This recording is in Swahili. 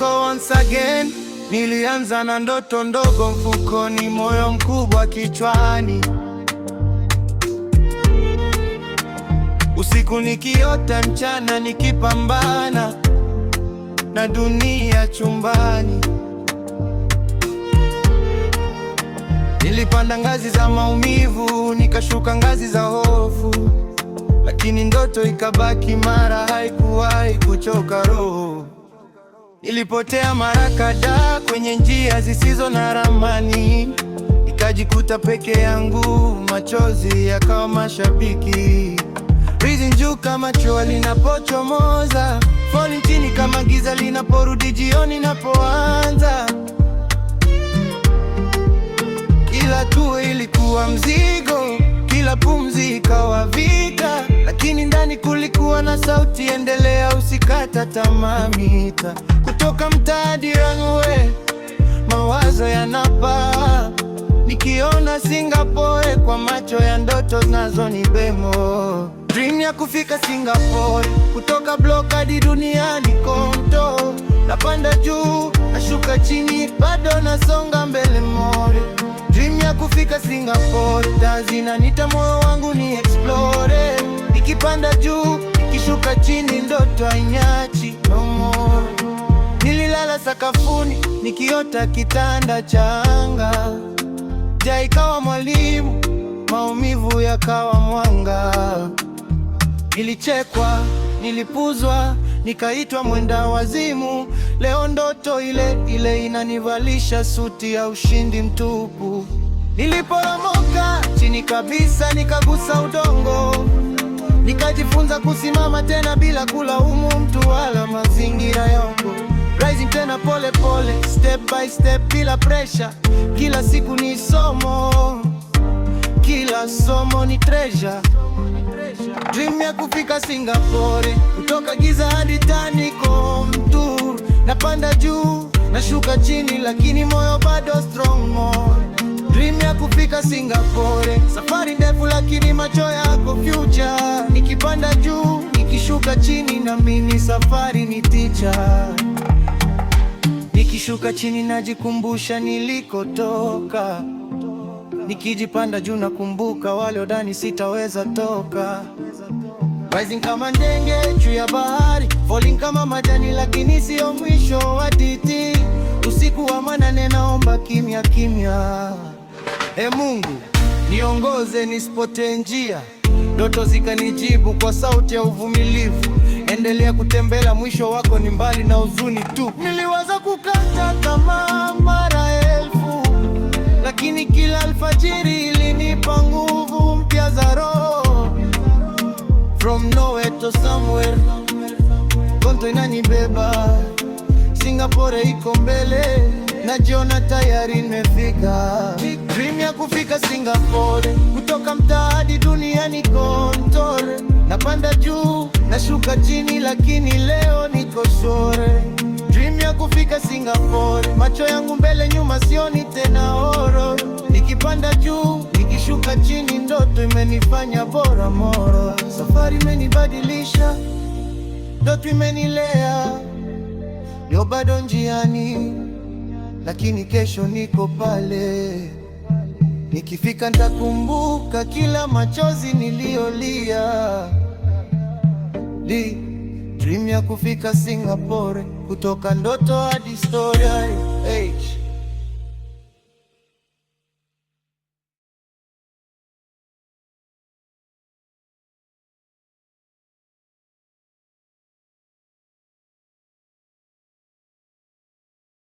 yako once again. Nilianza na ndoto ndogo mfukoni, moyo mkubwa kichwani, usiku nikiota, mchana nikipambana na dunia chumbani. Nilipanda ngazi za maumivu, nikashuka ngazi za hofu, lakini ndoto ikabaki, mara haikuwahi kuchoka roho. Nilipotea mara kadhaa kwenye njia zisizo na ramani, nikajikuta peke yangu, machozi yakawa mashabiki. Rizi juu kama chua linapochomoza, foli chini kama giza linaporudi jioni, inapoanza kila tuwe ilikuwa mzigo, kila pumzi ikawa vita lakini ndani kulikuwa na sauti, endelea, usikata tamaa. Mita kutoka mtaa hadi runway, mawazo yanapaa, nikiona Singapore kwa macho ya ndoto bemo Dream ya kufika Singapore, kutoka block hadi duniani konto, napanda juu nashuka chini, bado nasonga mbele more. Dream ya kufika Singapore, tazina zinanita, moyo wangu ni explore kutoka chini ndoto ainyachi no more. Nililala sakafuni nikiota kitanda cha anga, ja ikawa mwalimu, maumivu yakawa mwanga. Nilichekwa, nilipuzwa, nikaitwa mwenda wazimu. Leo ndoto ile ile inanivalisha suti ya ushindi mtupu. Niliporomoka chini kabisa, nikagusa udongo nikajifunza kusimama tena bila kulaumu mtu wala mazingira yangu. Rising tena pole pole, step by step, bila pressure. Kila siku ni somo, kila somo ni treasure. Dream ya kufika Singapore, kutoka giza hadi taniko, mtu napanda juu nashuka chini, lakini moyo bado strong more. Dream ya kufika Singapore, safari ndefu, lakini macho yako future na mimi safari ni ticha. Nikishuka chini najikumbusha nilikotoka, nikijipanda juu nakumbuka odani sitaweza toka. Rising kama ndenge juu ya bahari, falling kama majani, lakini siyo mwisho wa titi. Usiku wa manane naomba kimya kimya, e Mungu niongoze nispote njia, ndoto zikanijibu kwa sauti ya uvumilivu endelea kutembea, mwisho wako ni mbali na huzuni tu. Niliwaza kukata tamaa mara elfu, lakini kila alfajiri ilinipa nguvu mpya za roho. From nowhere to somewhere, konto inanibeba, Singapore iko mbele, najiona tayari nimefika. Dream ya kufika Singapore, kutoka mtaa hadi duniani kontore nashuka chini, lakini leo niko shore. Dream ya kufika Singapore, macho yangu mbele nyuma, sioni tena oro. Nikipanda juu, nikishuka chini, ndoto imenifanya bora moro. Safari imenibadilisha, ndoto imenilea, yo bado njiani, lakini kesho niko pale Nikifika ntakumbuka kila machozi niliyolia di dream ya kufika Singapore kutoka ndoto hadi story hey.